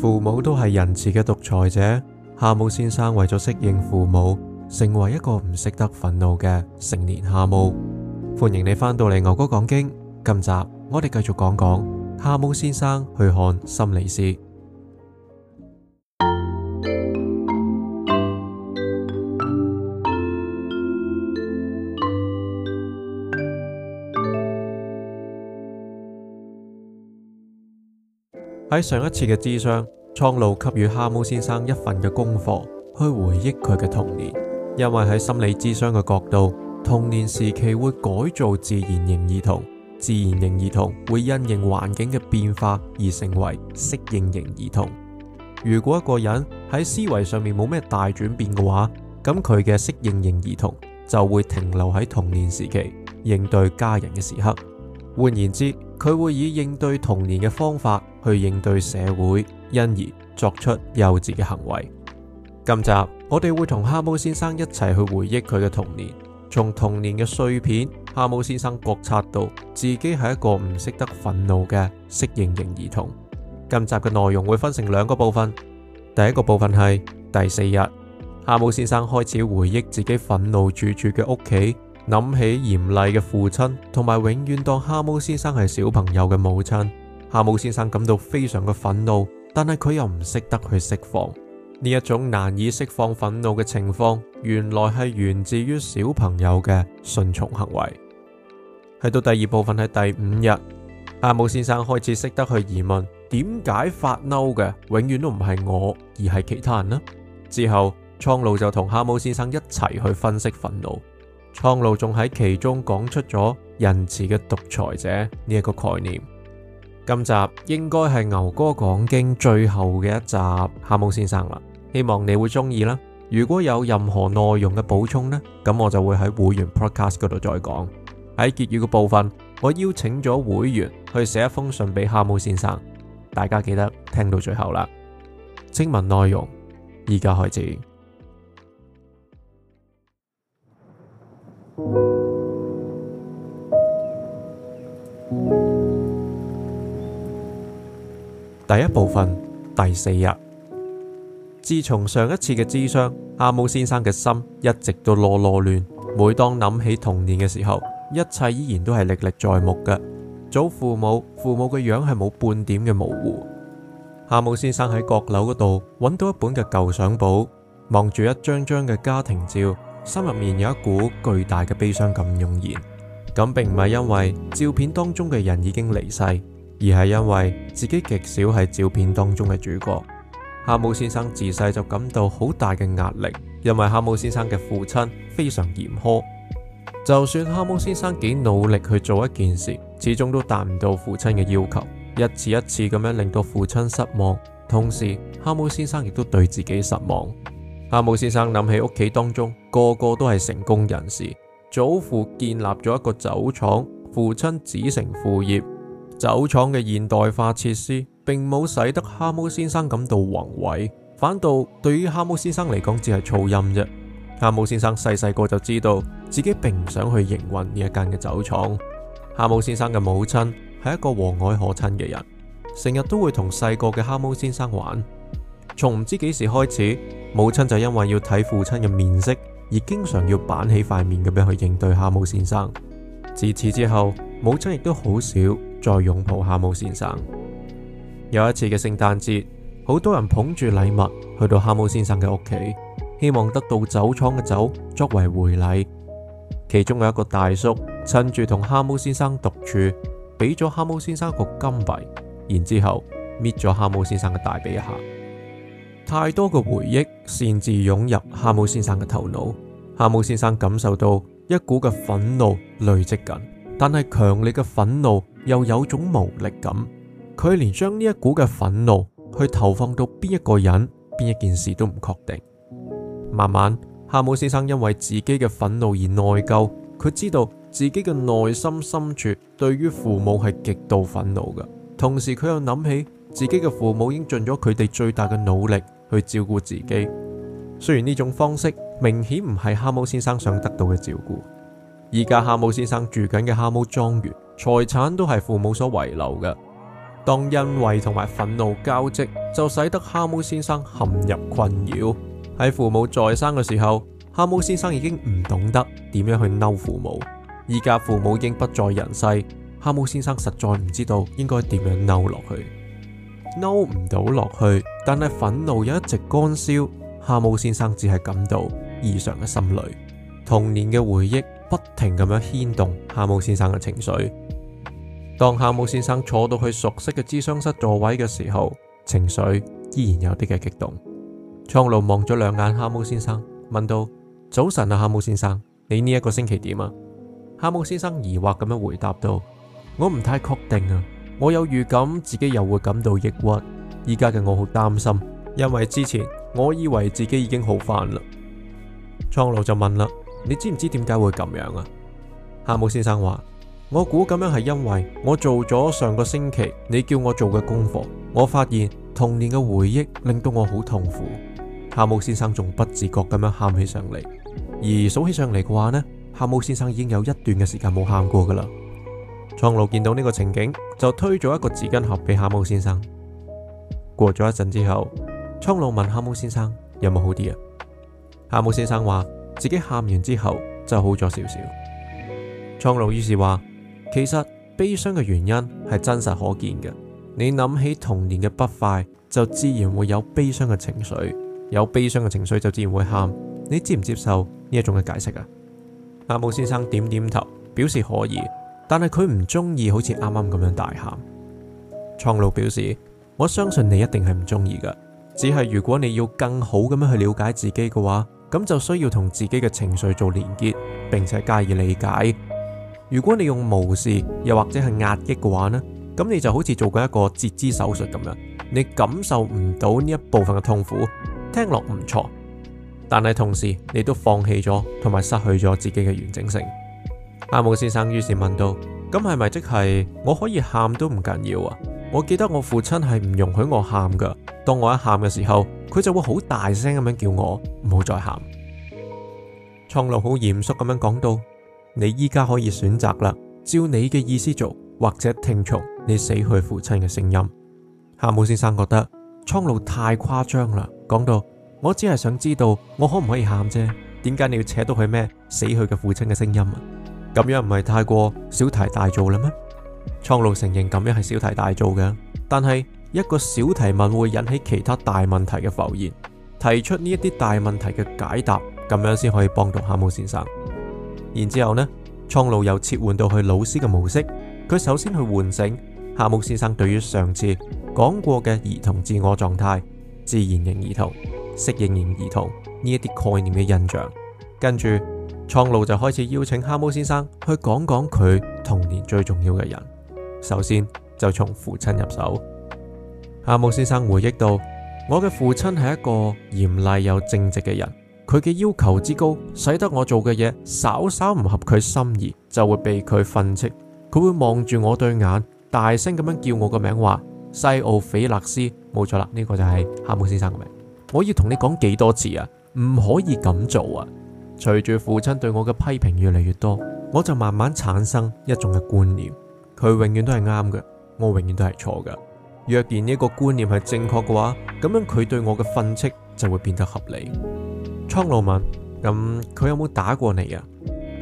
父母都係仁慈嘅獨裁者，蛤蟆先生為咗適應父母，成為一個唔識得憤怒嘅成年蛤蟆。歡迎你翻到嚟牛哥講經，今集我哋繼續講講蛤蟆先生去看心理師。喺上一次嘅諮商，蒼鷺給予蛤蟆先生一份嘅功課，去回憶佢嘅童年。因為喺心理諮商嘅角度，童年時期會改造自然型兒童，自然型兒童會因應環境嘅變化而成為適應型兒童。如果一個人喺思維上面冇咩大轉變嘅話，咁佢嘅適應型兒童就會停留喺童年時期應對家人嘅時刻。換言之，佢會以應對童年嘅方法，去應對社會，因而作出幼稚嘅行為。今集我哋會同蛤蟆先生一齊去回憶佢嘅童年，從童年嘅碎片，蛤蟆先生覺察到自己係一個唔識得憤怒嘅適應型兒童。今集嘅內容會分成兩個部分，第一個部分係第四日，蛤蟆先生開始回憶自己憤怒處處嘅屋企，諗起嚴厲嘅父親同埋永遠當蛤蟆先生係小朋友嘅母親。蛤蟆先生感到非常嘅憤怒，但係佢又唔識得去釋放呢一種難以釋放憤怒嘅情況，原來係源自於小朋友嘅順從行為。去到第二部分係第五日，蛤蟆先生開始識得去疑問：點解發嬲嘅永遠都唔係我，而係其他人呢？之後，蒼鷺就同蛤蟆先生一齊去分析憤怒，蒼鷺仲喺其中講出咗仁慈嘅獨裁者呢一個概念。今集應該係牛哥講經最後嘅一集，蛤蟆先生啦，希望你會中意啦。如果有任何內容嘅補充呢，咁我就會喺會員 podcast 嗰度再講。喺結語嘅部分，我邀請咗會員去寫一封信俾蛤蟆先生，大家記得聽到最後啦。清文內容，而家開始。 第一部分第四日，自從上一次嘅諮商，蛤蟆先生嘅心一直都囉囉攣。每當諗起童年嘅時候，一切依然都係歷歷在目嘅。祖父母、父母嘅樣係冇半點嘅模糊。蛤蟆先生喺閣樓嗰度搵到一本嘅舊相簿，望住一張張嘅家庭照，心入面有一股巨大嘅悲傷感湧現。咁並唔係因為照片當中嘅人已經離世。而係因為自己極少係照片當中嘅主角，蛤蟆先生自細就感到好大嘅壓力，因為蛤蟆先生嘅父親非常嚴苛，就算蛤蟆先生幾努力去做一件事，始終都達唔到父親嘅要求，一次一次咁樣令到父親失望，同時蛤蟆先生亦都對自己失望。蛤蟆先生諗起屋企當中個個都係成功人士，祖父建立咗一個酒廠，父親子承父業。酒廠嘅現代化設施並冇使得蛤蟆先生感到宏偉，反倒對於蛤蟆先生嚟講，只係噪音啫。蛤蟆先生細細個就知道自己並唔想去營運呢一間嘅酒廠。蛤蟆先生嘅母親係一個和藹可親嘅人，成日都會同細個嘅蛤蟆先生玩。從唔知幾時開始，母親就因為要睇父親嘅面色，而經常要板起塊面咁樣去應對蛤蟆先生。自此之後，母親亦都好少。再擁抱哈姆先生。有一次嘅聖誕節，好多人捧住禮物去到哈姆先生嘅屋企，希望得到酒廠嘅酒作為回禮。其中有一個大叔趁住同哈姆先生獨處，俾咗哈姆先生個金幣，然之後搣咗哈姆先生嘅大髀一下。太多嘅回憶，擅自湧入哈姆先生嘅頭腦。哈姆先生感受到一股嘅憤怒累積緊，但係強烈嘅憤怒又有種無力感，佢連將呢一股嘅憤怒去投放到邊一個人、邊一件事都唔確定。慢慢，蛤蟆先生因為自己嘅憤怒而內疚，佢知道自己嘅內心深處對於父母係極度憤怒嘅，同時佢又諗起自己嘅父母已經盡咗佢哋最大嘅努力去照顧自己，雖然呢種方式明顯唔係蛤蟆先生想得到嘅照顧。而家蛤蟆先生住緊嘅蛤蟆莊園，財產都係父母所遺留嘅，當欣慰同埋憤怒交織，就使得蛤蟆先生陷入困擾。喺父母在生嘅時候，蛤蟆先生已經唔懂得點樣去嬲父母，而家父母已經不在人世，蛤蟆先生實在唔知道應該點樣嬲落去，嬲唔到落去，但係憤怒又一直乾燒，蛤蟆先生只係感到異常嘅心累，童年嘅回憶不停咁樣牽動蛤蟆先生嘅情緒。當蛤蟆先生坐到佢熟悉嘅諮詢室座位嘅時候，情緒依然有啲嘅激動。蒼鷺望咗兩眼蛤蟆先生，問到：早晨啊，蛤蟆先生，你呢一個星期點啊？蛤蟆先生疑惑咁樣回答道：「我唔太確定啊，我有預感自己又會感到抑鬱。依家嘅我好擔心，因為之前我以為自己已經好返啦」。蒼鷺就問啦。你知唔知點解會咁樣啊？蛤蟆先生話：我估咁樣係因為我做咗上個星期你叫我做嘅功課，我發現童年嘅回憶令到我好痛苦。蛤蟆先生仲不自覺咁樣喊起上嚟，而數起上嚟嘅話呢，蛤蟆先生已經有一段嘅時間冇喊過噶啦。蒼鷺見到呢個情景，就推咗一個紙巾盒俾蛤蟆先生。過咗一陣之後，蒼鷺問蛤蟆先生有冇好啲啊？蛤蟆先生話。自己喊完之後就好咗少少。蒼鷺於是話：其實悲傷嘅原因係真實可見嘅。你諗起童年嘅不快，就自然會有悲傷嘅情緒；有悲傷嘅情緒就自然會喊。你接唔接受呢一種嘅解釋啊？蛤蟆先生點點頭，表示可以。但係佢唔中意好似啱啱咁樣大喊。蒼鷺表示：我相信你一定係唔中意㗎。只係如果你要更好咁樣去了解自己嘅話。咁就需要同自己嘅情緒做連結，並且加以理解。如果你用無視又或者係壓抑嘅話呢？咁你就好似做過一個截肢手術咁樣，你感受唔到呢一部分嘅痛苦，聽落唔錯，但係同時你都放棄咗同埋失去咗自己嘅完整性。蛤蟆先生於是問到：咁係咪即係我可以喊都唔緊要啊？我記得我父親係唔容許我喊㗎，當我一喊嘅時候。佢就會好大聲咁樣叫我唔好再喊。蒼鷺好嚴肅咁樣講到：你依家可以選擇啦，照你嘅意思做，或者聽從你死去父親嘅聲音。蛤蟆先生覺得蒼鷺太誇張啦，講到我只係想知道我可唔可以喊啫，點解你要扯到佢咩死去嘅父親嘅聲音啊？咁樣唔係太過小題大做啦咩？蒼鷺承認咁樣係小題大做嘅，但係。一個小提問會引起其他大問題嘅浮現，提出呢一啲大問題嘅解答，咁樣先可以幫到蛤蟆先生。然之後呢，蒼鷺又切換到去老師嘅模式，佢首先去喚醒蛤蟆先生對於上次講過嘅兒童自我狀態、自然型兒童、適應型兒童呢一啲概念嘅印象。跟住，蒼鷺就開始邀請蛤蟆先生去講講佢童年最重要嘅人，首先就從父親入手。蛤蟆先生回憶到，我嘅父親係一個嚴厲又正直嘅人，佢嘅要求之高，使得我做嘅嘢稍稍唔合佢心意，就會被佢訓斥。佢會望住我對眼，大聲咁樣叫我個名，話，西奧斐勒斯，冇錯啦，呢個就係蛤蟆先生嘅名。我要同你講幾多次啊，唔可以咁做啊！隨住父親對我嘅批評越嚟越多，我就慢慢產生一種嘅觀念，佢永遠都係啱嘅，我永遠都係錯嘅。若然呢個觀念係正確嘅話，咁樣佢對我嘅訓斥就會變得合理。蒼鷺問：咁、嗯、佢有冇打過你啊？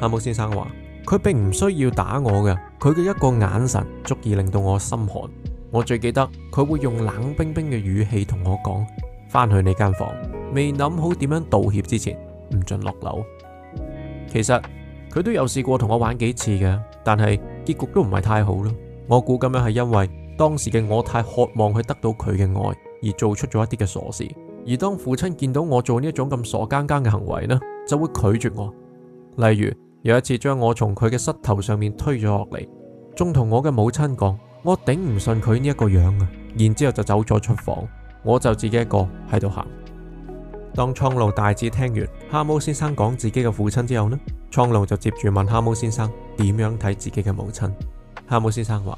蛤蟆先生話：佢並唔需要打我嘅，佢嘅一個眼神足以令到我心寒。我最記得佢會用冷冰冰嘅語氣同我講：翻去你間房，未諗好點樣道歉之前，唔准落樓。其實佢都有試過同我玩幾次嘅，但係結局都唔係太好咯。我估咁樣係因為。當時嘅我太渴望去得到佢嘅愛，而做出咗一啲嘅傻事。而當父親見到我做呢一種咁傻更更嘅行為呢，就會拒絕我。例如有一次將我從佢嘅膝頭上面推咗落嚟，仲同我嘅母親講：我頂唔順佢呢一個樣啊！然之後就走咗出房，我就自己一個喺度行。當蒼鷺大致聽完蛤蟆先生講自己嘅父親之後呢，蒼鷺就接住問蛤蟆先生點樣睇自己嘅母親。蛤蟆先生話。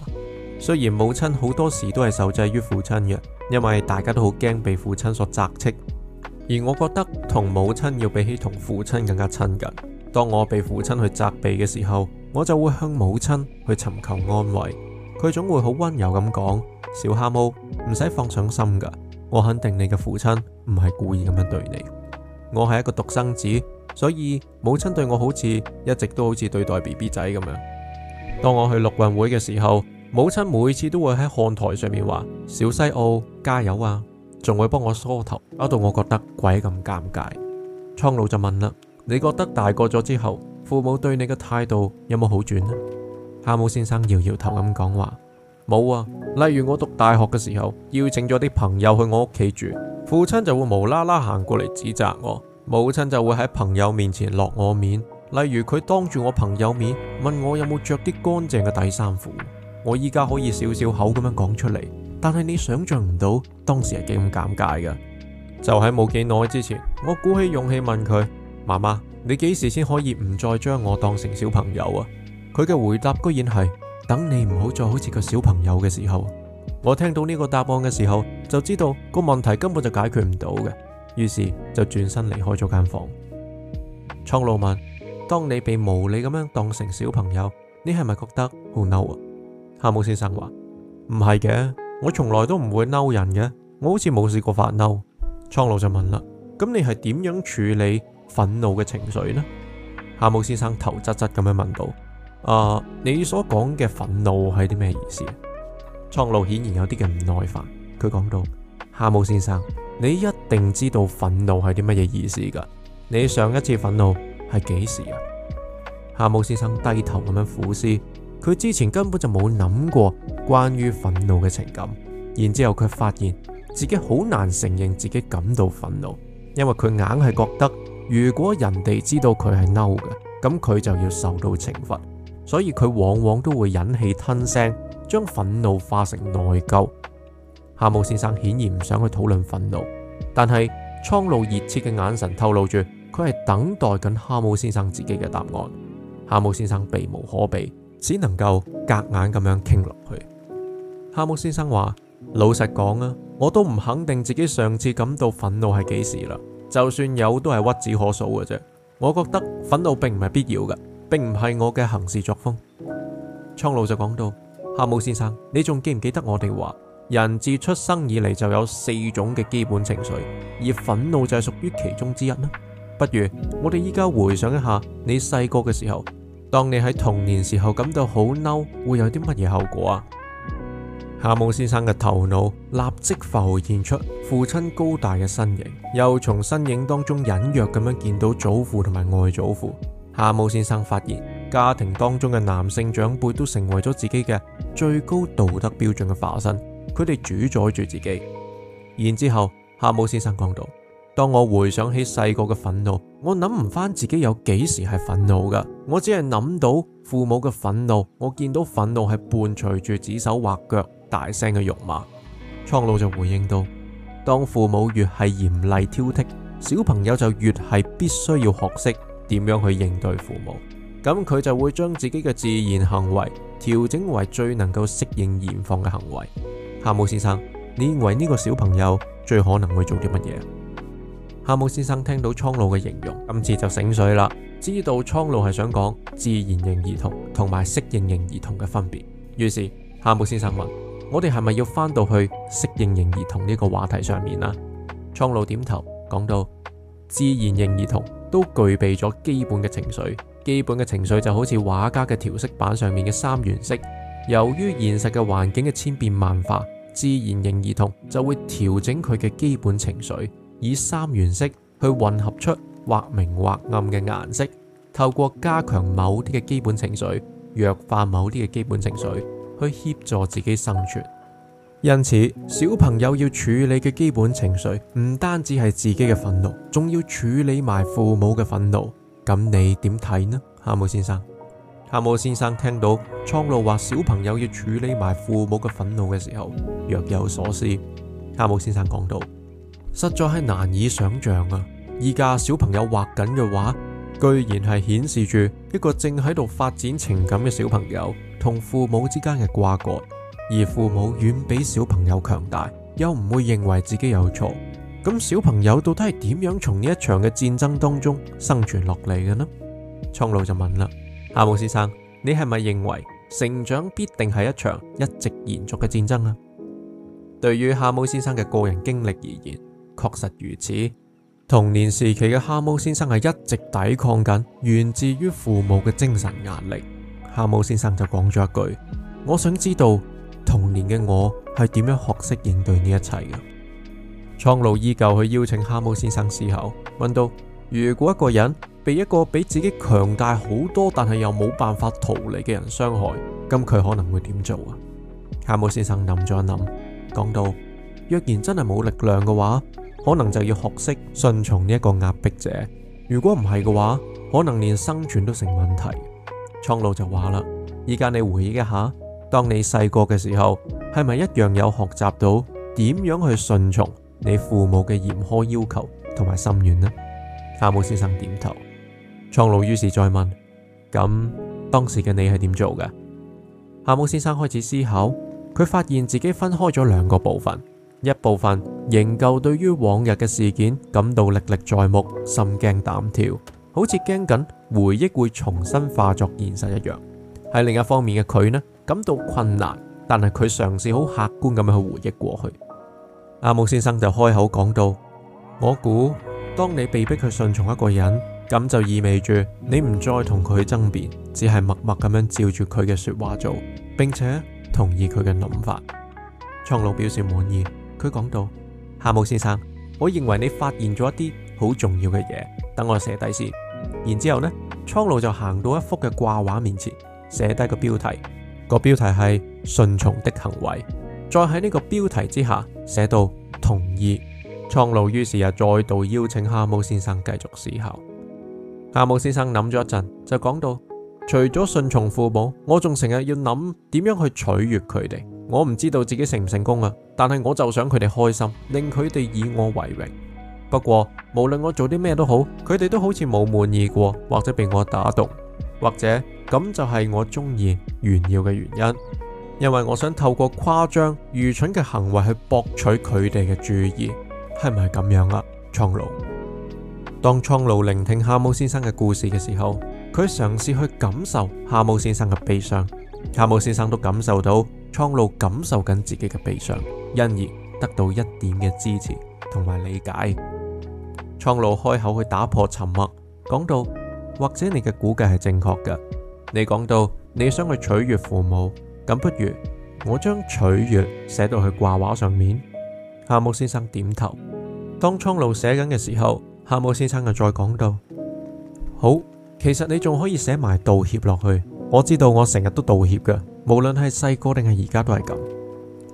雖然母親好多時都係受制於父親嘅，因為大家都好驚被父親所責斥。而我覺得同母親要比起同父親更加親近。當我被父親去責備嘅時候，我就會向母親去尋求安慰。佢總會好温柔咁講：「小蛤蟆，唔使放上心噶，我肯定你嘅父親唔係故意咁樣對你。我係一個獨生子，所以母親對我好似一直都好似對待 BB 仔咁樣。當我去陸運會嘅時候，母親每次都會喺看台上面話：小西奧加油啊！仲會幫我梳頭，搞到我覺得鬼咁尷尬。蒼鷺就問啦：你覺得大個咗之後，父母對你嘅態度有冇好轉呢？蛤蟆先生搖搖頭咁講話：冇啊。例如我讀大學嘅時候，邀請咗啲朋友去我屋企住，父親就會無啦啦行過嚟，指責我，母親就會喺朋友面前落我面。例如佢當住我朋友面問我有冇着啲乾淨嘅底衫褲。我依家可以笑笑口咁樣講出嚟，但係你想象唔到當時係幾咁尷尬噶。就喺冇幾耐之前，我鼓起勇氣問佢：媽媽，你幾時先可以唔再將我當成小朋友啊？佢嘅回答居然係：等你唔好再好似個小朋友嘅時候。我聽到呢個答案嘅時候，就知道個問題根本就解決唔到嘅。於是就轉身離開咗間房間。蒼鷺問：當你被無理咁樣當成小朋友，你係咪覺得好嬲啊？蛤蟆先生話：唔係嘅，我從來都唔會嬲人嘅，我好似冇試過發嬲。蒼鷺就問啦：咁你係點樣處理憤怒嘅情緒呢？蛤蟆先生頭側側咁樣問到：啊，你所講嘅憤怒係啲咩意思？蒼鷺顯然有啲嘅唔耐煩，佢講到：蛤蟆先生，你一定知道憤怒係啲乜嘢意思㗎，你上一次憤怒係幾時啊？蛤蟆先生低頭咁樣苦思。佢之前根本就冇諗過關於憤怒嘅情感，然之後佢發現自己好難承認自己感到憤怒，因為佢硬係覺得如果人哋知道佢係嬲嘅，咁佢就要受到懲罰，所以佢往往都會忍氣吞聲，將憤怒化成內疚。蛤蟆先生顯然唔想去討論憤怒，但係蒼鷺熱切嘅眼神透露住佢係等待緊蛤蟆先生自己嘅答案。蛤蟆先生避無可避。只能夠夾硬咁樣傾落去。蛤蟆先生話：老實講啊，我都唔肯定自己上次感到憤怒係幾時啦。就算有，都係屈指可數嘅啫。我覺得憤怒並唔係必要嘅，並唔係我嘅行事作風。蒼鷺就講到：蛤蟆先生，你仲記唔記得我哋話人自出生以嚟就有四種嘅基本情緒，而憤怒就係屬於其中之一呢？不如我哋依家回想一下你細個嘅時候。當你喺童年時候感到好嬲，會有啲乜嘢後果啊？蛤蟆先生嘅頭腦立即浮現出父親高大嘅身形，又從身影當中隱約咁樣見到祖父同埋外祖父。蛤蟆先生發現家庭當中嘅男性長輩都成為咗自己嘅最高道德標準嘅化身，佢哋主宰住自己。然之後，蛤蟆先生講到。當我回想起細個嘅憤怒，我諗唔返自己有幾時係憤怒㗎。我只係諗到父母嘅憤怒，我見到憤怒係伴隨住指手畫腳、大聲嘅辱罵。蒼鷺就回應到：，當父母越係嚴厲挑剔，小朋友就越係必須要學識點樣去應對父母。咁佢就會將自己嘅自然行為調整為最能夠適應嚴放嘅行為。蛤蟆先生，你認為呢個小朋友最可能會做啲乜嘢？蛤蟆先生聽到蒼鷺嘅形容，今次就醒水啦，知道蒼鷺係想講自然型兒童同埋適應型兒童嘅分別。於是蛤蟆先生問：我哋係咪要返到去適應型兒童呢個話題上面啊？蒼鷺點頭講到：自然型兒童都具備咗基本嘅情緒，基本嘅情緒就好似畫家嘅調色板上面嘅三原色。由於現實嘅環境嘅千變萬化，自然型兒童就會調整佢嘅基本情緒。以三原色去混合出或明或暗嘅顏色，透過加強某啲嘅基本情緒，弱化某啲嘅基本情緒，去協助自己生存。因此，小朋友要處理嘅基本情緒唔單止係自己嘅憤怒，仲要處理埋父母嘅憤怒。咁你點睇呢？蛤蟆先生，蛤蟆先生聽到蒼鷺話小朋友要處理埋父母嘅憤怒嘅時候，若有所思。蛤蟆先生講到。實在係難以想象啊！依家小朋友畫緊嘅畫，居然係顯示住一個正喺度發展情感嘅小朋友同父母之間嘅瓜葛，而父母遠比小朋友強大，又唔會認為自己有錯。咁小朋友到底係點樣從呢一場嘅戰爭當中生存落嚟嘅呢？蒼鷺就問啦：蛤蟆先生，你係咪認為成長必定係一場一直延續嘅戰爭啊？對於蛤蟆先生嘅個人經歷而言。確實如此。童年時期嘅蛤蟆先生係一直抵抗緊，源自於父母嘅精神壓力。蛤蟆先生就講咗一句：我想知道童年嘅我係點樣學識應對呢一切嘅。蒼鷺依舊去邀請蛤蟆先生思考，問到：如果一個人被一個比自己強大好多，但係又冇辦法逃離嘅人傷害，咁佢可能會點做啊？蛤蟆先生諗咗諗，講到：若然真係冇力量嘅話。可能就要學識順從呢一個壓迫者，如果唔係嘅話，可能連生存都成問題。蒼鷺就話啦：而家你回憶一下，當你細個嘅時候，係咪一樣有學習到點樣去順從你父母嘅嚴苛要求同埋心願呢？蛤蟆先生點頭。蒼鷺於是再問：咁、嗯、當時嘅你係點做嘅？蛤蟆先生開始思考，佢發現自己分開咗兩個部分。一部分仍舊對於往日嘅事件感到歷歷在目、心驚膽跳，好似驚緊回憶會重新化作現實一樣。喺另一方面嘅佢呢，感到困難，但係佢嘗試好客觀咁樣去回憶過去。蛤蟆先生就開口講到：我估當你被逼去順從一個人，咁就意味住你唔再同佢爭辯，只係默默咁樣照住佢嘅說話做，並且同意佢嘅諗法。蒼鷺表示滿意。佢講到：蛤蟆先生，我認為你發現咗一啲好重要嘅嘢，等我寫低先。然之後呢，蒼鷺就行到一幅嘅掛畫面前，寫低個標題，這個標題係順從的行為。再喺呢個標題之下寫到同意。蒼鷺於是又再度邀請蛤蟆先生繼續思考。蛤蟆先生諗咗一陣，就講到：除咗順從父母，我仲成日要諗點樣去取悅佢哋。我唔知道自己成唔成功啊，但係我就想佢哋開心，令佢哋以我為榮。不過無論我做啲咩都好，佢哋都好似冇滿意過，或者被我打動，或者咁就係我中意炫耀嘅原因，因為我想透過誇張愚蠢嘅行為去博取佢哋嘅注意，係咪咁樣啊？蒼鷺。當蒼鷺聆聽蛤蟆先生嘅故事嘅時候，佢嘗試去感受蛤蟆先生嘅悲傷，蛤蟆先生都感受到。蒼鷺感受緊自己嘅悲傷，因而得到一點嘅支持同埋理解。蒼鷺開口去打破沉默，講到：或者你嘅估計係正確嘅。你講到你想去取悦父母，咁不如我將取悦寫到去掛畫上面。蛤蟆先生點頭。當蒼鷺寫緊嘅時候，蛤蟆先生又再講到：好，其實你仲可以寫埋道歉落去。我知道我成日都道歉嘅。無論係細個定係而家都係咁，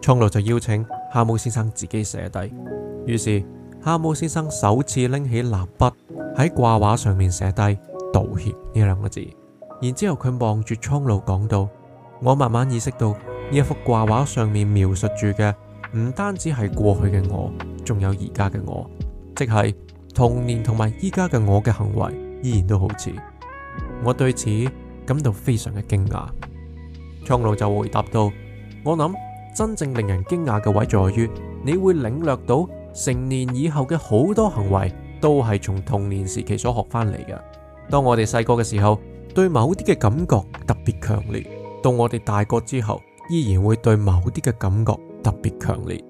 蒼鷺就邀請蛤蟆先生自己寫低。於是蛤蟆先生首次拎起蠟筆喺掛畫上面寫低道歉呢兩個字。然之後佢望住蒼鷺講道：我慢慢意識到呢一幅掛畫上面描述住嘅唔單止係過去嘅我，仲有而家嘅我，即係童年同埋依家嘅我嘅行為依然都好似。我對此感到非常嘅驚訝。蒼鷺就回答到：我諗真正令人驚訝嘅位在於，你會領略到成年以後嘅好多行為都係從童年時期所學翻嚟嘅。當我哋細個嘅時候，對某啲嘅感覺特別強烈，到我哋大個之後，依然會對某啲嘅感覺特別強烈。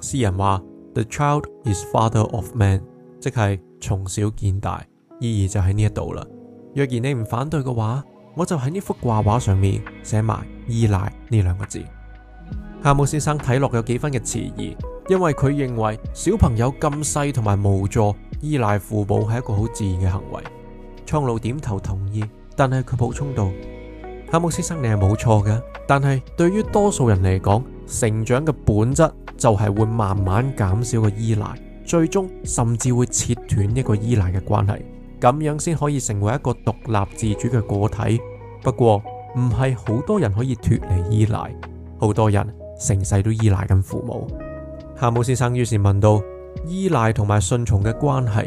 詩人話：The child is father of man，即係從小見大，意義就喺呢一度啦。若然你唔反對嘅話，我就喺呢幅掛畫上面寫埋依賴呢兩個字。蛤蟆先生睇落有幾分嘅遲疑，因為佢認為小朋友咁細同埋無助，依賴父母係一個好自然嘅行為。蒼鷺點頭同意，但係佢補充道：蛤蟆先生，你係冇錯嘅，但係對於多數人嚟講，成長嘅本質就係會慢慢減少個依賴，最終甚至會切斷一個依賴嘅關係，咁樣先可以成為一個獨立自主嘅個體。不過唔係好多人可以脫離依賴，好多人成世都依賴緊父母。蛤蟆先生於是問到：「依賴同埋順從嘅關係？」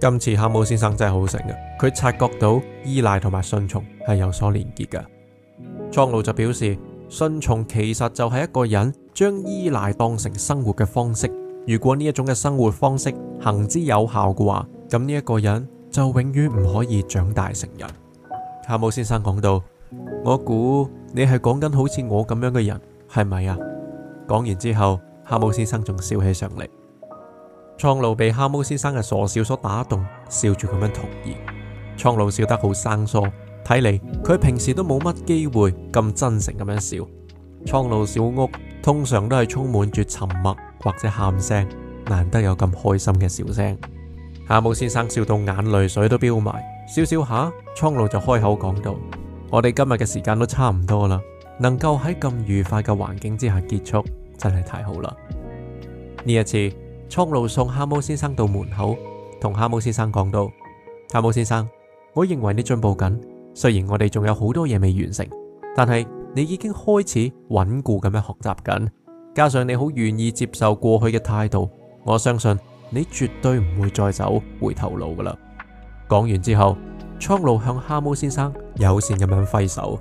今次蛤蟆先生真係好醒嘅，啊，佢察覺到依賴同埋順從係有所連結嘅。蒼鷺就表示：順從其實就係一個人將依賴當成生活嘅方式。如果呢一種嘅生活方式行之有效嘅話，咁呢一個人就永遠唔可以長大成人。蛤蟆先生講到：「我估你係講緊好似我咁樣嘅人，係咪啊？」講完之後，蛤蟆先生仲笑起上嚟。蒼鷺被蛤蟆先生嘅傻笑所打動，笑住咁樣同意。蒼鷺笑得好生疏，睇嚟佢平時都冇乜機會咁真誠咁樣笑。蒼鷺小屋通常都係充滿住沉默或者喊聲，難得有咁開心嘅笑聲。蛤蟆先生笑到眼淚水都飆埋。笑笑下，蒼鷺就開口講到：我哋今日嘅時間都差唔多啦，能夠喺咁愉快嘅環境之下結束，真係太好啦！呢一次，蒼鷺送蛤蟆先生到門口，同蛤蟆先生講到：蛤蟆先生，我認為你進步緊，雖然我哋仲有好多嘢未完成，但係你已經開始穩固咁樣學習緊，加上你好願意接受過去嘅態度，我相信你絕對唔會再走回頭路噶啦。講完之後，蒼鷺向蛤蟆先生友善咁樣揮手。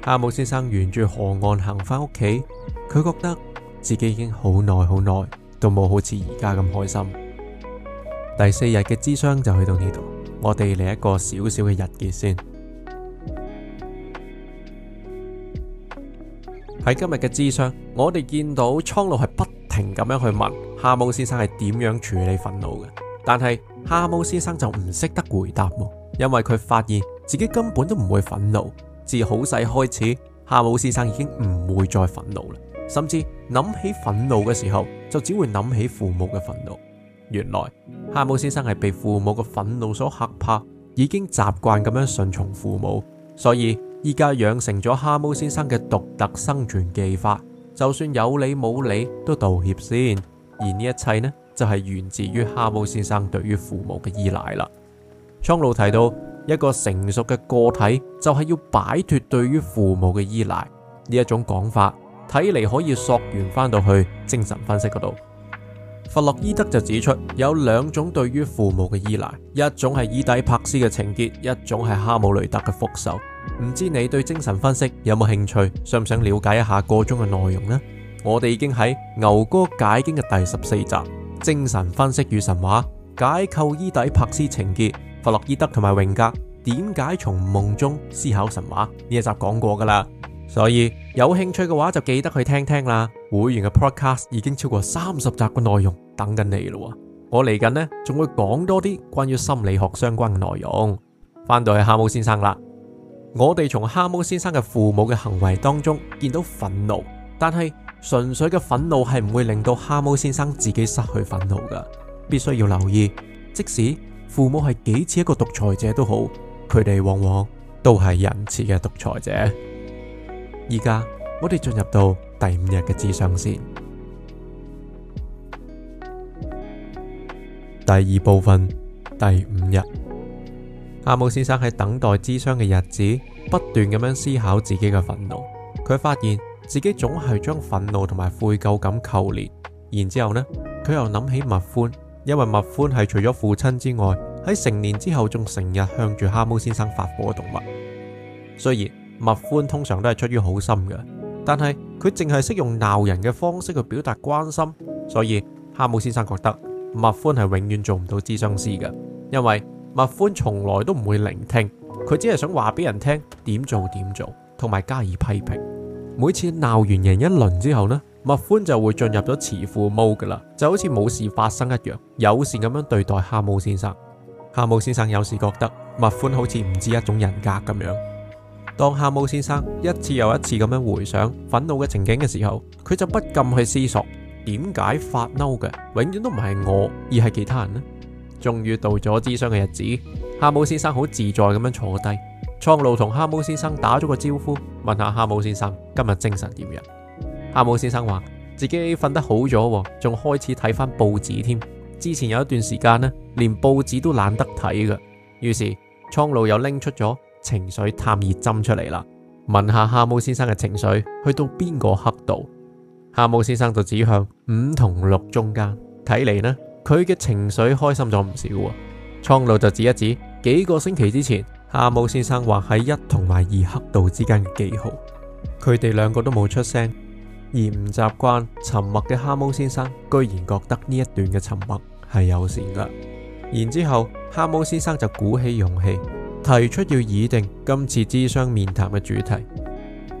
蛤蟆先生沿住河岸行返屋企，佢覺得自己已經很久很久好耐好耐都冇好似而家咁開心。第四日嘅諮商就去到呢度，我哋嚟一個少少嘅日記先。喺今日嘅諮商，我哋見到蒼鷺係不停咁樣去問蛤蟆先生係點樣處理憤怒嘅。但係蛤蟆先生就唔識得回答，因為佢發現自己根本都唔會憤怒。自好細開始，蛤蟆先生已經唔會再憤怒啦，甚至諗起憤怒嘅時候，就只會諗起父母嘅憤怒。原來蛤蟆先生係被父母嘅憤怒所嚇怕，已經習慣咁樣順從父母，所以依家養成咗蛤蟆先生嘅獨特生存技法，就算有理冇理都道歉先。而呢一切呢？就係源自於蛤蟆先生對於父母嘅依賴啦。蒼鷺提到一個成熟嘅個體就係要擺脫對於父母嘅依賴呢一種講法，睇嚟可以溯源翻到去精神分析嗰度。弗洛伊德就指出有兩種對於父母嘅依賴，一種係伊底帕斯嘅情結，一種係哈姆雷特嘅復仇。唔知你對精神分析有冇興趣？想唔想了解一下個中嘅內容呢？我哋已經喺牛哥解經嘅第十四集。精神分析與神話，解構伊底柏斯情結，弗洛伊德同埋榮格，點解從夢中思考神話？呢一集講過噶啦，所以有興趣嘅話就記得去聽聽啦。會員嘅 podcast 已經超過三十集嘅內容，等緊你咯。我嚟緊呢仲會講多啲關於心理學相關嘅內容。翻到去蛤蟆先生啦，我哋從蛤蟆先生嘅父母嘅行為當中見到憤怒，但係，純粹嘅憤怒係唔會令到蛤蟆先生自己失去憤怒㗎，必須要留意。即使父母係幾似一個獨裁者都好，佢哋往往都係仁慈嘅獨裁者。而家我哋進入到第五日嘅諮商先。第二部分第五日，蛤蟆先生喺等待諮商嘅日子，不斷咁樣思考自己嘅憤怒，佢發現。自己總係將憤怒同埋悔疚感扣連，然之後呢，佢又諗起麥歡，因為麥歡係除咗父親之外，喺成年之後仲成日向住蛤蟆先生發火嘅動物。雖然麥歡通常都係出於好心嘅，但係佢淨係識用鬧人嘅方式去表達關心，所以蛤蟆先生覺得麥歡係永遠做唔到諮詢師嘅，因為麥歡從來都唔會聆聽，佢只係想話俾人聽點做點做，同埋加以批評。每次鬧完人一輪之後呢，麥歡就會進入咗慈父 mode 㗎啦，就好似冇事發生一樣，友善咁樣對待蛤蟆先生。蛤蟆先生有時覺得麥歡好似唔知一種人格咁樣。當蛤蟆先生一次又一次咁樣回想憤怒嘅情景嘅時候，佢就不禁去思索點解發嬲嘅，永遠都唔係我，而係其他人呢？終於到咗諮商嘅日子，蛤蟆先生好自在咁樣坐低。蒼鷺同蛤蟆先生打咗個招呼，問下蛤蟆先生今日精神點樣？蛤蟆先生話自己瞓得好咗，仲開始睇返報紙添。之前有一段時間呢，連報紙都懶得睇㗎。於是蒼鷺又拎出咗情緒探熱針出嚟啦，問下蛤蟆先生嘅情緒去到邊個刻度？蛤蟆先生就指向五同六中間，睇嚟呢佢嘅情緒開心咗唔少啊。蒼鷺就指一指幾個星期之前，蛤蟆先生畫喺一同埋二刻度之間嘅記號，佢哋兩個都冇出聲，而唔習慣沉默嘅蛤蟆先生，居然覺得呢一段嘅沉默係友善嘅。然之後，蛤蟆先生就鼓起勇氣提出要擬定今次諮商面談嘅主題。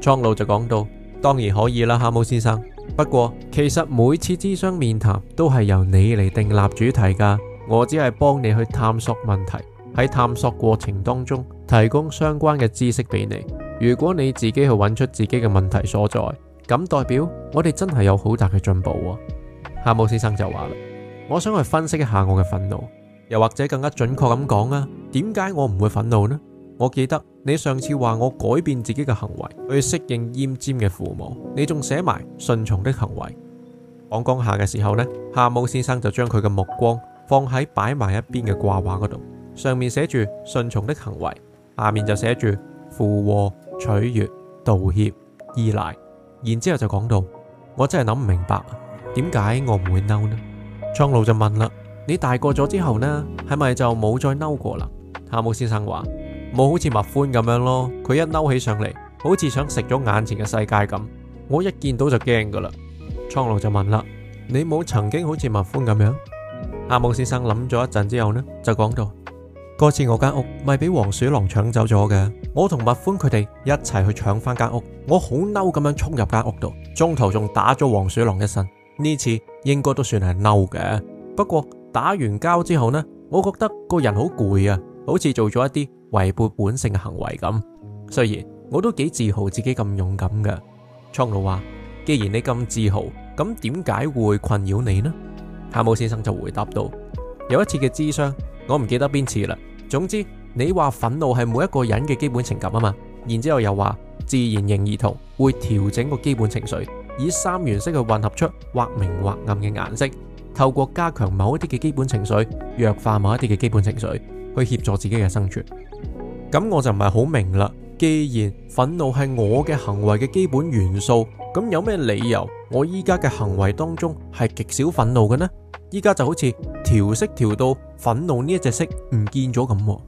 蒼鷺就講到：當然可以啦，蛤蟆先生。不過，其實每次諮商面談都係由你嚟訂立主題噶，我只係幫你去探索問題。喺探索過程當中，提供相關嘅知識俾你。如果你自己去揾出自己嘅問題所在，咁代表我哋真係有好大嘅進步啊！蛤蟆先生就話啦：我想去分析一下我嘅憤怒，又或者更加準確咁講啊，點解我唔會憤怒呢？我記得你上次話我改變自己嘅行為去適應奄尖嘅父母，你仲寫埋順從的行為。講講下嘅時候呢，蛤蟆先生就將佢嘅目光放喺擺埋一邊嘅掛畫嗰度。上面寫住順從的行為，下面就寫住附和、取悅、道歉、依賴，然之後就講到，我真係諗唔明白，點解我唔會嬲呢？蒼鷺就問啦：你大個咗之後呢，係咪就冇再嬲過啦？蛤蟆先生話冇，好似麥歡咁樣咯，佢一嬲起上嚟，好似想食咗眼前嘅世界咁，我一見到就驚噶啦。蒼鷺就問啦：你冇曾經好似麥歡咁樣？蛤蟆先生諗咗一陣之後呢，就講到。嗰次我間屋咪俾黃鼠狼搶走咗嘅，我同麥歡佢哋一齊去搶翻間屋，我好嬲咁樣衝入間屋度，中途仲打咗黃鼠狼一身。呢次應該都算係嬲嘅，不過打完交之後呢，我覺得個人好攰啊，好似做咗一啲違背本性嘅行為咁。雖然我都幾自豪自己咁勇敢嘅，蒼鷺話：既然你咁自豪，咁點解會困擾你呢？蛤蟆先生就回答道：有一次嘅諮商。我唔記得邊次啦。總之，你話憤怒係每一個人嘅基本情感啊嘛。然之後又話自然型兒童會調整個基本情緒，以三原色去混合出或明或暗嘅顏色，透過加強某一啲嘅基本情緒，弱化某一啲嘅基本情緒，去協助自己嘅生存。咁我就唔係好明啦。既然憤怒係我嘅行為嘅基本元素，咁有咩理由我依家嘅行為當中係極少憤怒嘅呢？依家就好似調色調到憤怒呢一隻色唔見咗咁。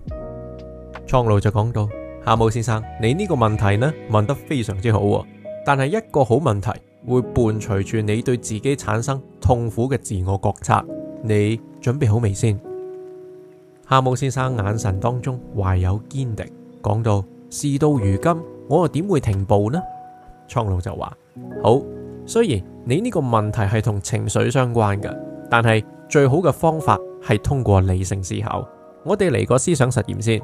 蒼鷺就講到：蛤蟆先生，你呢個問題呢，問得非常之好，但係一個好問題會伴隨住你對自己產生痛苦嘅自我覺察。你準備好未先？蛤蟆先生眼神當中懷有堅定，講到事到如今，我又點會停步呢？蒼鷺就話好，雖然你呢個問題係同情緒相關嘅。但係最好嘅方法係通過理性思考。我哋嚟個思想實驗先，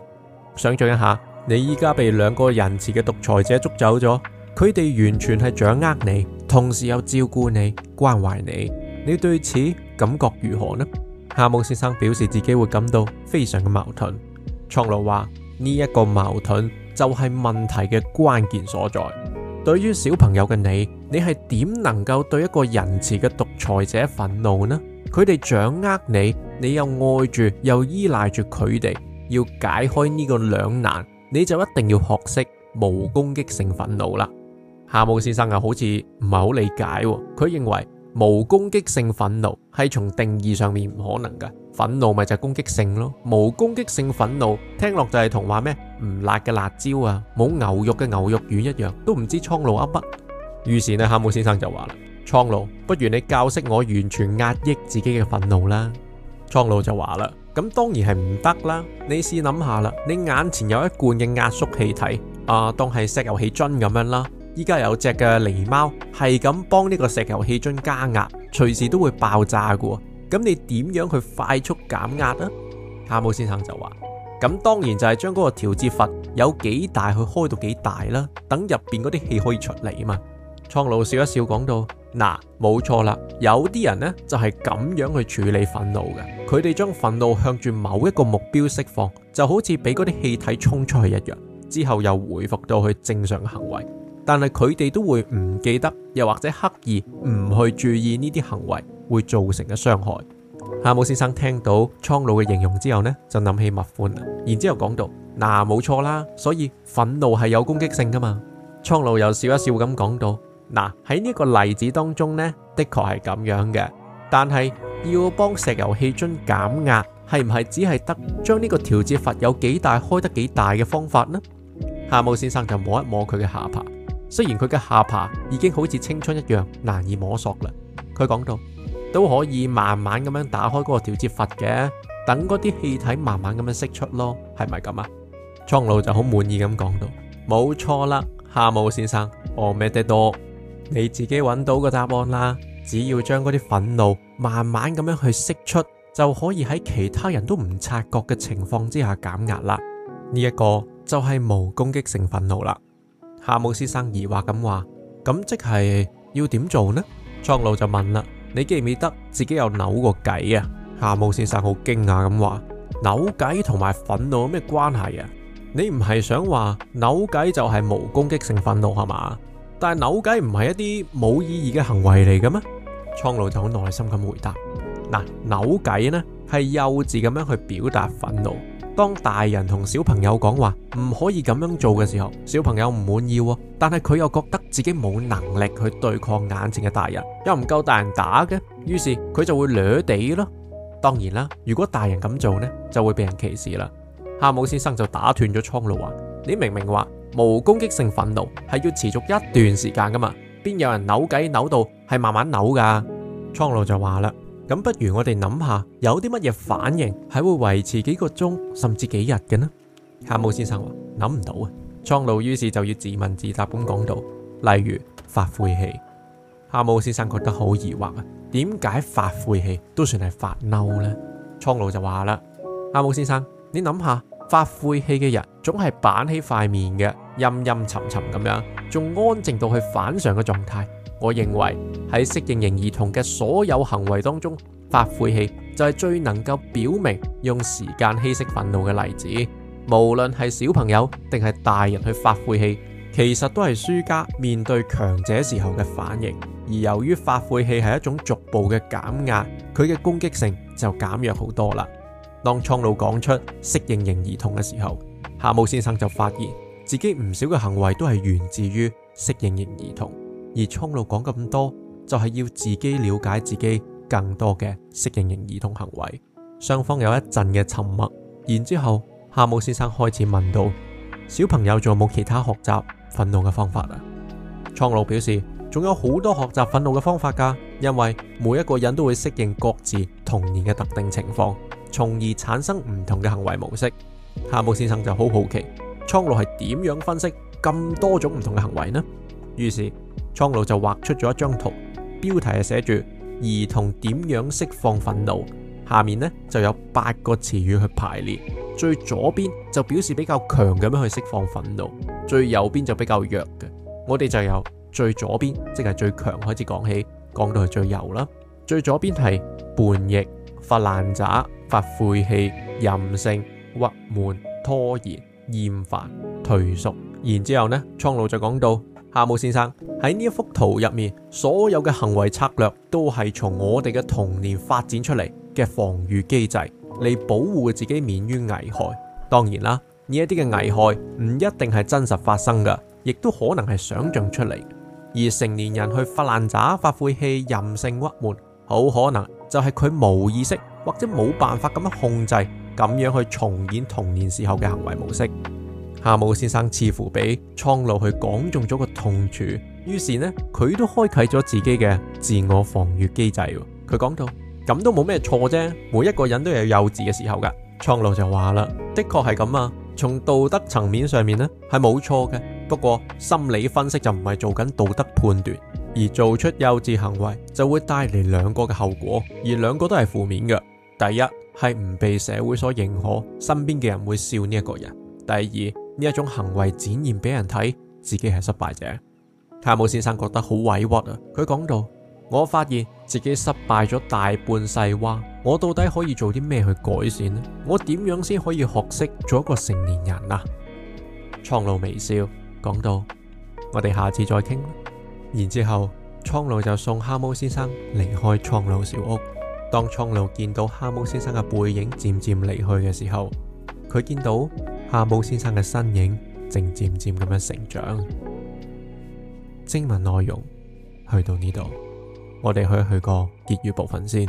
想象一下，你依家被兩個仁慈嘅獨裁者捉走咗，佢哋完全係掌握你，同時又照顧你、關懷你，你對此感覺如何呢？蛤蟆先生表示自己會感到非常嘅矛盾。蒼鷺話呢一個矛盾就係問題嘅關鍵所在。對於小朋友嘅你，你係點能夠對一個仁慈嘅獨裁者憤怒呢？佢哋掌握你，你又愛住又依賴住佢哋，要解開呢個兩難，你就一定要學識無攻擊性憤怒啦。蛤蟆先生啊，好似唔係好理解，佢認為無攻擊性憤怒係從定義上面唔可能噶憤怒咪就係攻擊性咯，無攻擊性憤怒聽落就係同話咩唔辣嘅辣椒啊、冇牛肉嘅牛肉丸一樣，都唔知蒼鷺噏乜。於是呢，蛤蟆先生就話啦。蒼鷺，不如你教識我完全壓抑自己嘅憤怒啦。蒼鷺就話啦，咁當然係唔得啦。你試諗下啦，你眼前有一罐嘅壓縮氣體，啊，當係石油氣樽咁樣啦。依家有隻嘅狸貓係咁幫呢個石油氣樽加壓，隨時都會爆炸噶。咁你點樣去快速減壓啊？蛤蟆先生就話，咁當然就係將嗰個調節閥有幾大去開到幾大啦，等入邊嗰啲氣可以出嚟啊嘛。蒼鷺笑一笑講道。嗱，冇錯啦，有啲人呢就係咁樣去處理憤怒嘅，佢哋將憤怒向住某一個目標釋放，就好似俾嗰啲氣體衝出去一樣，之後又回復到去正常嘅行為，但係佢哋都會唔記得，又或者刻意唔去注意呢啲行為會造成嘅傷害。蛤蟆先生聽到蒼鷺嘅形容之後呢，就諗起密款啦，然之後講到，嗱，冇錯啦，所以憤怒係有攻擊性噶嘛。蒼鷺又笑一笑咁講到。嗱，喺呢個例子當中呢，的確係咁樣嘅。但係要幫石油氣樽減壓，係唔係只係得將呢個調節閥有幾大開得幾大嘅方法呢？蛤蟆先生就摸一摸佢嘅下巴，雖然佢嘅下巴已經好似青春一樣難以摸索啦。佢講到，都可以慢慢咁樣打開嗰個調節閥嘅，等嗰啲氣體慢慢咁樣釋出咯，係咪咁啊？蒼鷺就好滿意咁講到，冇錯啦，蛤蟆先生，我咩得多。你自己揾到個答案啦，只要將嗰啲憤怒慢慢咁樣去釋出，就可以喺其他人都唔察覺嘅情況之下減壓啦。呢一個就係無攻擊性憤怒啦。蛤蟆先生疑惑咁話：，咁即係要點做呢？蒼鷺就問啦：，你記唔記得自己有扭過計啊？蛤蟆先生好驚訝咁話：，扭計同埋憤怒有咩關係啊？你唔係想話扭計就係無攻擊性憤怒係嘛？但係扭計唔係一啲冇意義嘅行為嚟嘅咩？蒼鷺就好耐心咁回答。嗱、啊，扭計呢係幼稚咁樣去表達憤怒。當大人同小朋友講話唔可以咁樣做嘅時候，小朋友唔滿意喎、哦，但係佢又覺得自己冇能力去對抗眼前嘅大人，又唔夠大人打嘅，於是佢就會掠地咯。當然啦，如果大人咁做呢，就會被人歧視啦。蛤蟆先生就打斷咗蒼鷺話：，你明明話。無攻擊性憤怒係要持續一段時間噶嘛？邊有人扭計扭到係慢慢扭噶？蒼鷺就話啦，咁不如我哋諗下有啲乜嘢反應係會維持幾個鐘甚至幾日嘅呢？蛤蟆先生話諗唔到啊！蒼鷺於是就要自問自答咁講到，例如發晦氣。蛤蟆先生覺得好疑惑啊，點解發晦氣都算係發嬲呢？蒼鷺就話啦，蛤蟆先生，你諗下發晦氣嘅人總係板起塊面嘅。陰陰沉沉咁樣，仲安靜到去反常嘅狀態。我認為喺適應型兒童嘅所有行為當中，發晦氣就係最能夠表明用時間稀釋憤怒嘅例子。無論係小朋友定係大人去發晦氣，其實都係輸家面對強者時候嘅反應。而由於發晦氣係一種逐步嘅減壓，佢嘅攻擊性就減弱好多啦。當蒼鷺講出適應型兒童嘅時候，蛤蟆先生就發現。自己唔少嘅行為都係源自於適應型兒童，而蒼鷺講咁多就係、是、要自己了解自己更多嘅適應型兒童行為。雙方有一陣嘅沉默，然之後蛤蟆先生開始問到：「小朋友仲有冇其他學習憤怒嘅方法啊？蒼鷺表示仲有好多學習憤怒嘅方法噶，因為每一個人都會適應各自童年嘅特定情況，從而產生唔同嘅行為模式。蛤蟆先生就好好奇。蒼鷺係點樣分析咁多種唔同嘅行為呢？於是蒼鷺就畫出咗一張圖，標題係寫住兒童點樣釋放憤怒。下面呢就有八個詞語去排列，最左邊就表示比較強咁樣去釋放憤怒，最右邊就比較弱嘅。我哋就由最左邊，即係最強開始講起，講到去最右啦。最左邊係叛逆、發爛渣、發晦氣、任性、鬱悶、拖延、厭煩、退縮，然之後呢，蒼鷺就講到蛤蟆先生喺呢一幅圖入面，所有嘅行為策略都係從我哋嘅童年發展出嚟嘅防禦機制，嚟保護自己免於危害。當然啦，呢一啲嘅危害唔一定係真實發生嘅，亦都可能係想象出嚟。而成年人去發爛渣、發晦氣、任性鬱悶，好可能就係佢冇意識或者冇辦法咁樣控制，咁樣去重演童年時候嘅行為模式，蛤蟆先生似乎俾蒼鷺去講中咗個痛處，於是呢佢都開啟咗自己嘅自我防御機制。佢講到咁都冇咩錯啫，每一個人都有幼稚嘅時候噶。蒼鷺就話啦，的確係咁啊，從道德層面上面呢係冇錯嘅，不過心理分析就唔係做緊道德判斷，而做出幼稚行為就會帶嚟兩個嘅後果，而兩個都係負面嘅。第一。係唔被社會所認可，身邊嘅人會笑呢一個人。第二，呢一種行為展現俾人睇，自己係失敗者。蛤蟆先生覺得好委屈啊！佢講到：，我發現自己失敗咗大半世話，話我到底可以做啲咩去改善呢？我點樣先可以學識做一個成年人啊？蒼鷺微笑講到：，我哋下次再傾。然之後，蒼鷺就送蛤蟆先生離開蒼鷺小屋。當蒼鷺見到蛤蟆先生嘅背影漸漸離去嘅時候，佢見到蛤蟆先生嘅身影正漸漸咁樣成長。正文內容去到呢度，我哋去一去個結語部分先。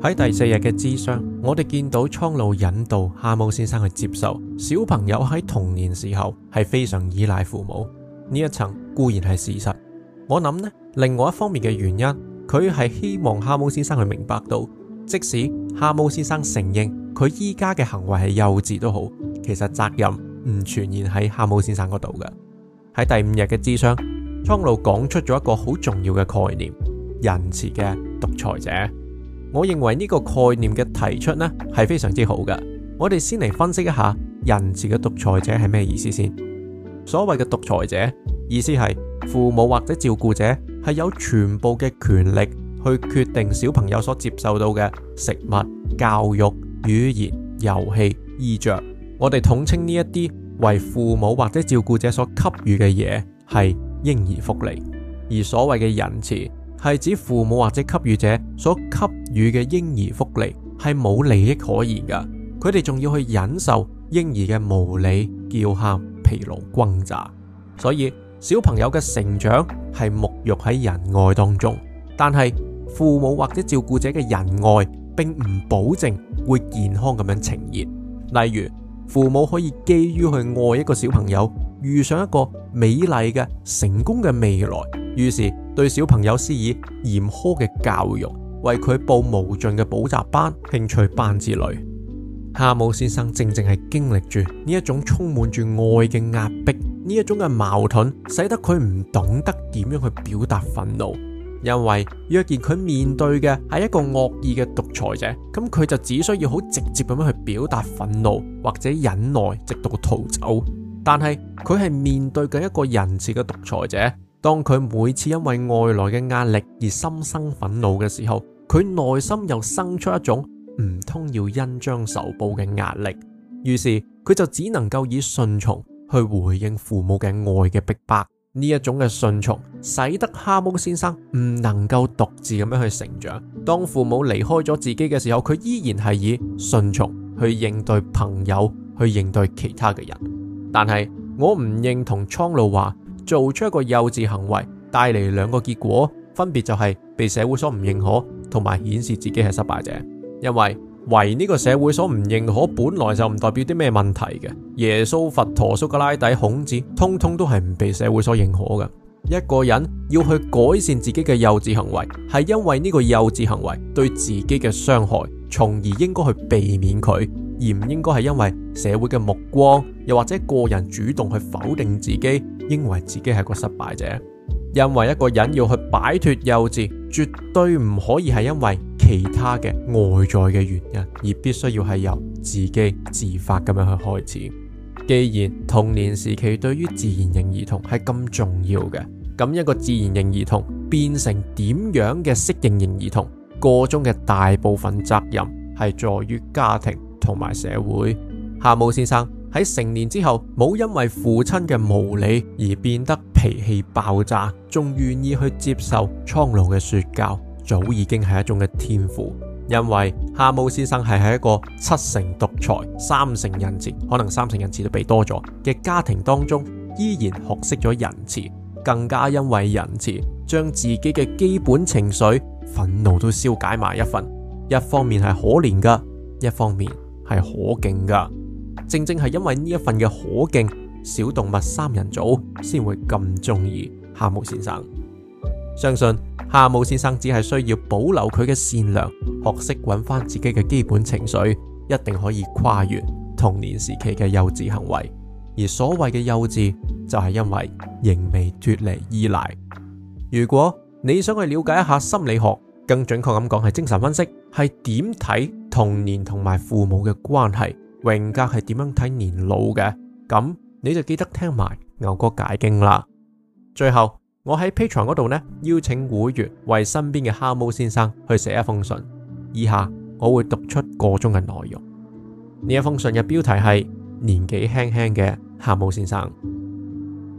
喺 第四日嘅諮商。我哋見到蒼鷺引導蛤蟆先生去接受小朋友喺童年時候係非常依賴父母，呢一層固然係事實，我諗呢，另外一方面嘅原因，佢係希望蛤蟆先生去明白到，即使蛤蟆先生承認佢依家嘅行為係幼稚都好，其實責任唔全然喺蛤蟆先生嗰度嘅。喺第五日嘅諮商，蒼鷺講出咗一個好重要嘅概念：仁慈嘅獨裁者。我認為呢個概念嘅提出呢，係非常之好嘅。我哋先嚟分析一下仁慈嘅獨裁者係咩意思先。所謂嘅獨裁者，意思係父母或者照顧者係有全部嘅權力去決定小朋友所接受到嘅食物、教育、語言、遊戲、衣着。我哋統稱呢一啲為父母或者照顧者所給予嘅嘢，係嬰兒福利。而所謂嘅仁慈，係指父母或者給予者所給予嘅嬰兒福利係冇利益可言噶，佢哋仲要去忍受嬰兒嘅無理叫喊、疲勞轟炸，所以小朋友嘅成長係沐浴喺仁愛當中。但係父母或者照顧者嘅仁愛，並唔保證會健康咁樣呈現。例如，父母可以基於去愛一個小朋友，遇上一個美麗嘅成功嘅未來。於是對小朋友施以嚴苛嘅教育，為佢報無盡嘅補習班、興趣班之類。蛤蟆先生正正係經歷住呢一種充滿住愛嘅壓迫，呢一種嘅矛盾，使得佢唔懂得點樣去表達憤怒。因為若然佢面對嘅係一個惡意嘅獨裁者，咁佢就只需要好直接咁樣去表達憤怒，或者忍耐，直到逃走。但係佢係面對緊一個仁慈嘅獨裁者。當佢每次因為外來嘅壓力而心生憤怒嘅時候，佢內心又生出一種唔通要恩將仇報嘅壓力，於是佢就只能夠以順從去回應父母嘅愛嘅逼迫。呢一種嘅順從，使得蛤蟆先生唔能夠獨自咁樣去成長。當父母離開咗自己嘅時候，佢依然係以順從去應對朋友，去應對其他嘅人。但係我唔認同蒼鷺話。做出一個幼稚行為，帶嚟兩個結果，分別就係被社會所唔認可，同埋顯示自己係失敗者。因為為呢個社會所唔認可，本來就唔代表啲咩問題嘅。耶穌、佛陀、蘇格拉底、孔子，通通都係唔被社會所認可嘅。一個人要去改善自己嘅幼稚行為，係因為呢個幼稚行為對自己嘅傷害，從而應該去避免佢，而唔應該係因為社會嘅目光，又或者個人主動去否定自己。認為自己係個失敗者，因為一個人要去擺脫幼稚，絕對唔可以係因為其他嘅外在嘅原因，而必須要係由自己自發咁樣去開始。既然童年時期對於自然型兒童係咁重要嘅，咁一個自然型兒童變成點樣嘅適應型兒童，個中嘅大部分責任係在於家庭同埋社會。蛤蟆先生，喺成年之後，冇因為父親嘅無理而變得脾氣爆炸，仲願意去接受蒼鷺嘅說教，早已經係一種嘅天賦。因為蛤蟆先生係喺一個七成獨裁、三成仁慈，可能三成仁慈都俾多咗嘅家庭當中，依然學識咗仁慈，更加因為仁慈將自己嘅基本情緒憤怒都消解埋一份。一方面係可憐噶，一方面係可敬噶。正正係因為呢一份嘅可敬，小動物三人組先會咁中意蛤蟆先生。相信蛤蟆先生只係需要保留佢嘅善良，學識揾翻自己嘅基本情緒，一定可以跨越童年時期嘅幼稚行為。而所謂嘅幼稚，就係因為仍未脫離依賴。如果你想去了解一下心理學，更準確咁講係精神分析，係點睇童年同埋父母嘅關係？榮格係點樣睇年老嘅？咁你就記得聽埋牛哥解經啦。最後，我喺 Patreon 嗰度呢，邀請會員為身邊嘅蛤蟆先生去寫一封信。以下我會讀出個中嘅內容。呢一封信嘅標題係年紀輕輕嘅蛤蟆先生。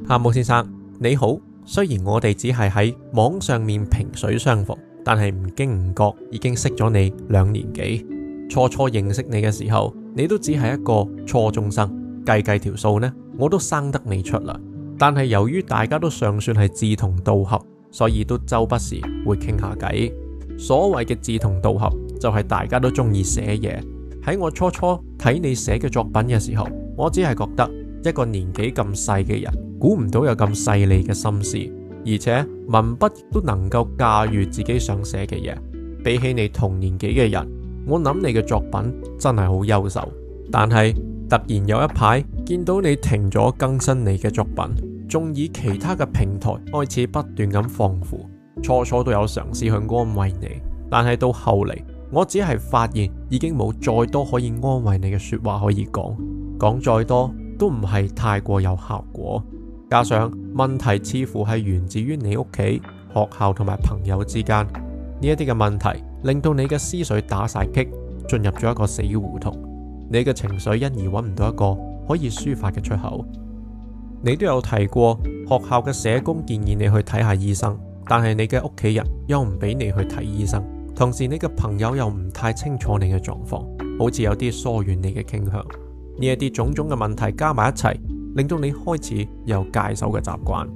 蛤蟆先生你好，雖然我哋只係喺網上面萍水相逢，但係唔經唔覺已經識咗你兩年幾。初初認識你嘅時候。你都只係一個初中生，計計條數呢，我都生得你出啦。但係由於大家都尚算係志同道合，所以都周不時會傾下偈。所謂嘅志同道合，就係大家都中意寫嘢。喺我初初睇你寫嘅作品嘅時候，我只係覺得，一個年紀咁細嘅人，估唔到有咁細膩嘅心思，而且文筆亦都能夠駕馭自己想寫嘅嘢。比起你同年紀嘅人。我諗你嘅作品真係好優秀，但係突然有一排見到你停咗更新你嘅作品，仲以其他嘅平台開始不斷咁放負，初初都有嘗試去安慰你，但係到後嚟，我只係發現已經冇再多可以安慰你嘅說話可以講，講再多都唔係太過有效果，加上問題似乎係源自於你屋企、學校同埋朋友之間呢一啲嘅問題。令到你嘅思緒打晒激，進入咗一個死胡同，你嘅情緒因而揾唔到一個可以抒發嘅出口。你都有提過學校嘅社工建議你去睇下醫生，但係你嘅屋企人又唔俾你去睇醫生，同時你嘅朋友又唔太清楚你嘅狀況，好似有啲疏遠你嘅傾向。呢一啲種種嘅問題加埋一齊，令到你開始有戒手嘅習慣。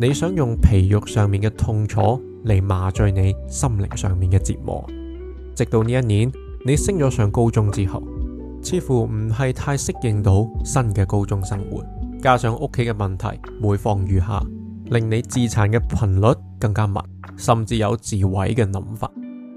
你想用皮肉上面嘅痛楚。嚟麻醉你心靈上面嘅折磨，直到呢一年你升咗上高中之後，似乎唔係太適應到新嘅高中生活，加上屋企嘅問題每況愈下，令你自殘嘅頻率更加密，甚至有自毀嘅諗法。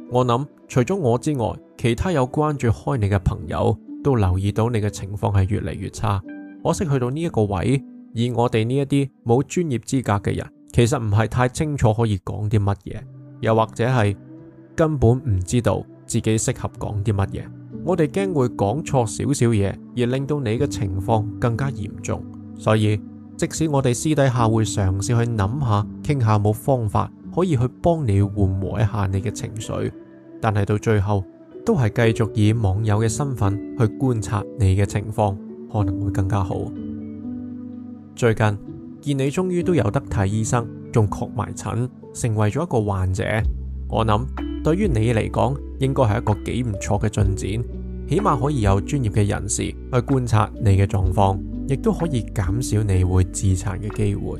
我諗除咗我之外，其他有關注開你嘅朋友都留意到你嘅情況係越嚟越差，可惜去到呢一個位，以我哋呢一啲冇專業資格嘅人。其實唔係太清楚可以講啲乜嘢，又或者係根本唔知道自己適合講啲乜嘢。我哋驚會講錯少少嘢，而令到你嘅情況更加嚴重。所以即使我哋私底下會嘗試去諗下、傾下，有冇方法可以去幫你緩和一下你嘅情緒，但係到最後都係繼續以網友嘅身份去觀察你嘅情況，可能會更加好。最近。見你終於都有得睇醫生，仲確埋診，成為咗一個患者，我諗對於你嚟講，應該係一個幾唔錯嘅進展，起碼可以有專業嘅人士去觀察你嘅狀況，亦都可以減少你會自殘嘅機會。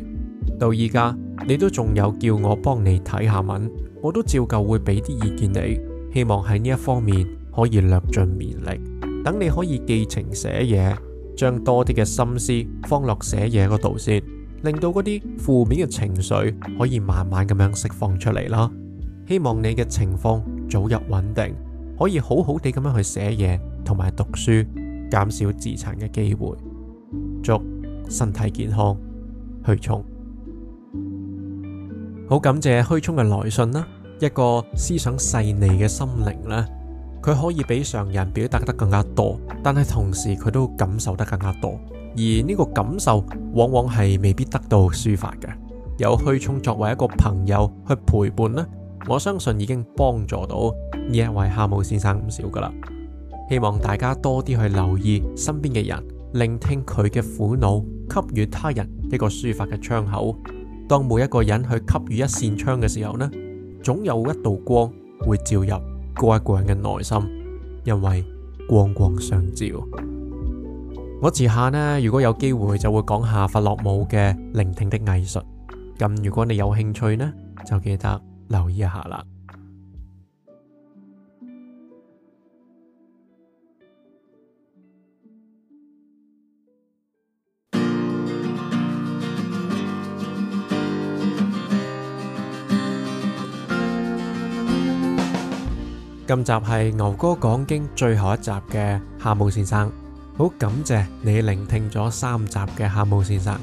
到而家你都仲有叫我幫你睇下文，我都照舊會俾啲意見你，希望喺呢一方面可以略盡綿力，等你可以寄情寫嘢，將多啲嘅心思放落寫嘢嗰度先。令到嗰啲負面嘅情緒可以慢慢咁樣釋放出嚟啦。希望你嘅情況早日穩定，可以好好地咁樣去寫嘢同埋讀書，減少自殘嘅機會。祝身體健康，虛沖。好感謝虛沖嘅來信啦，一個思想細膩嘅心靈啦，佢可以比常人表達得更加多，但係同時佢都感受得更加多。而呢個感受，往往係未必得到抒發嘅。有虛沖作為一個朋友去陪伴咧，我相信已經幫助到呢一位蛤蟆先生唔少噶啦。希望大家多啲去留意身邊嘅人，聆聽佢嘅苦惱，給予他人一個抒發嘅窗口。當每一個人去給予一扇窗嘅時候呢，總有一道光會照入嗰一，一個人嘅內心，因為光光相照。我遲下呢，如果有機會就會講下佛洛姆嘅聆聽的藝術。咁如果你有興趣呢，就記得留意一下啦。今集係牛哥講經最後一集嘅蛤蟆先生。好感謝你聆聽咗三集嘅蛤蟆先生，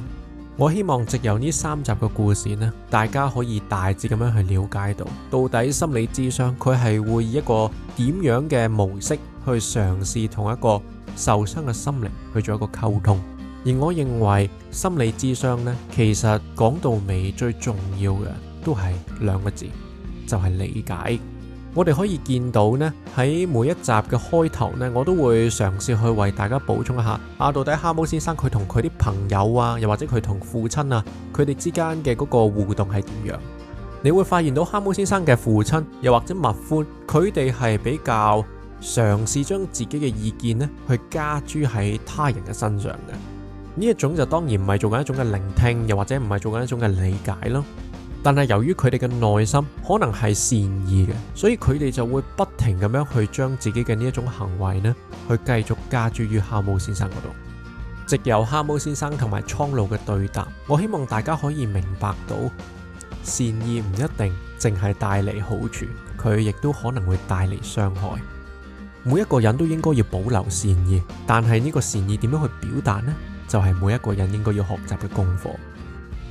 我希望藉由呢三集嘅故事呢，大家可以大致咁樣去了解到，到底心理諮商佢係會以一個點樣嘅模式去嘗試同一個受傷嘅心靈去做一個溝通，而我認為心理諮商呢，其實講到尾最重要嘅都係兩個字，就係理解。我哋可以見到呢，喺每一集嘅開頭呢，我都會嘗試去為大家補充一下啊到底蛤蟆先生佢同佢啲朋友啊，又或者佢同父親啊，佢哋之間嘅嗰個互動係點樣？你會發現到蛤蟆先生嘅父親又或者麥歡，佢哋係比較嘗試將自己嘅意見呢去加諸喺他人嘅身上嘅。呢一種就當然唔係做緊一種嘅聆聽，又或者唔係做緊一種嘅理解咯。但係由於佢哋嘅內心可能係善意嘅，所以佢哋就會不停咁樣去將自己嘅呢一種行為呢，去繼續加諸於蛤蟆先生嗰度。藉由蛤蟆先生同埋蒼鷺嘅對答，我希望大家可以明白到善意唔一定淨係帶嚟好處，佢亦都可能會帶嚟傷害。每一個人都應該要保留善意，但係呢個善意點樣去表達呢？就係、是、每一個人都應該要學習嘅功課。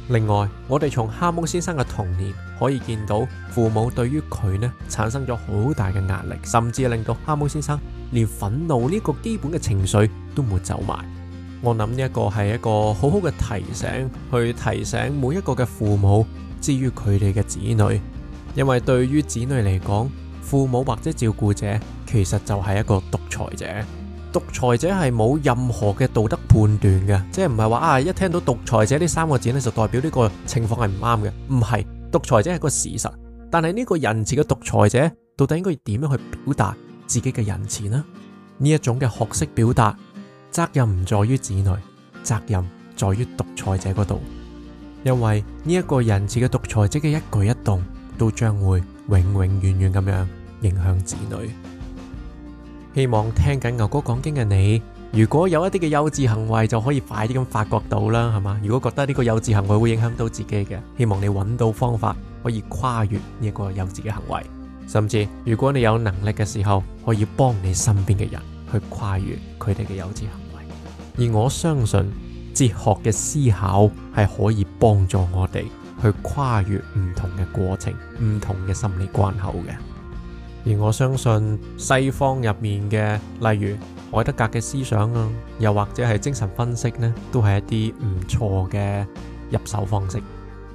另外，我哋從蛤蟆先生嘅童年可以見到，父母對於佢呢產生咗好大嘅壓力，甚至令到蛤蟆先生連憤怒呢個基本嘅情緒都抹走埋。我諗呢一個係一個好好嘅提醒，去提醒每一個嘅父母，至於佢哋嘅子女，因為對於子女嚟講，父母或者照顧者其實就係一個獨裁者。獨裁者係冇任何嘅道德判斷嘅，即係唔係話啊，一聽到獨裁者呢三個字呢，就代表呢個情況係唔啱嘅，唔係，獨裁者係個事實，但係呢個仁慈嘅獨裁者到底應該點樣去表達自己嘅仁慈呢？呢一種嘅學識表達，責任唔在於子女，責任在於獨裁者嗰度，因為呢一個仁慈嘅獨裁者嘅一舉一動都將會永永遠遠咁樣影響子女。希望聽緊牛哥講經嘅你，如果有一啲嘅幼稚行為，就可以快啲咁發覺到啦，係嘛？如果覺得呢個幼稚行為會影響到自己嘅，希望你揾到方法可以跨越呢個幼稚嘅行為，甚至如果你有能力嘅時候，可以幫你身邊嘅人去跨越佢哋嘅幼稚行為。而我相信哲學嘅思考係可以幫助我哋去跨越唔同嘅過程、唔同嘅心理關口嘅。而我相信西方入面嘅，例如海德格嘅思想啊，又或者係精神分析呢，都係一啲唔錯嘅入手方式。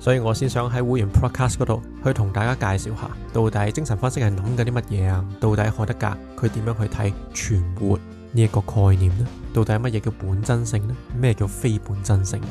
所以我先想喺會員 Podcast 度去同大家介紹下，到底精神分析係諗緊啲乜嘢啊？到底海德格佢點樣去睇存活呢一個概念呢，到底係乜嘢叫本真性呢，咩叫非本真性啊？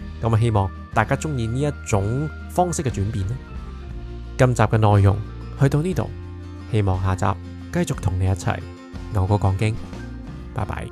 咁啊，希望大家鍾意呢一種方式嘅轉變。今集嘅內容去到呢度，希望下集繼續同你一齊牛哥講經。拜拜。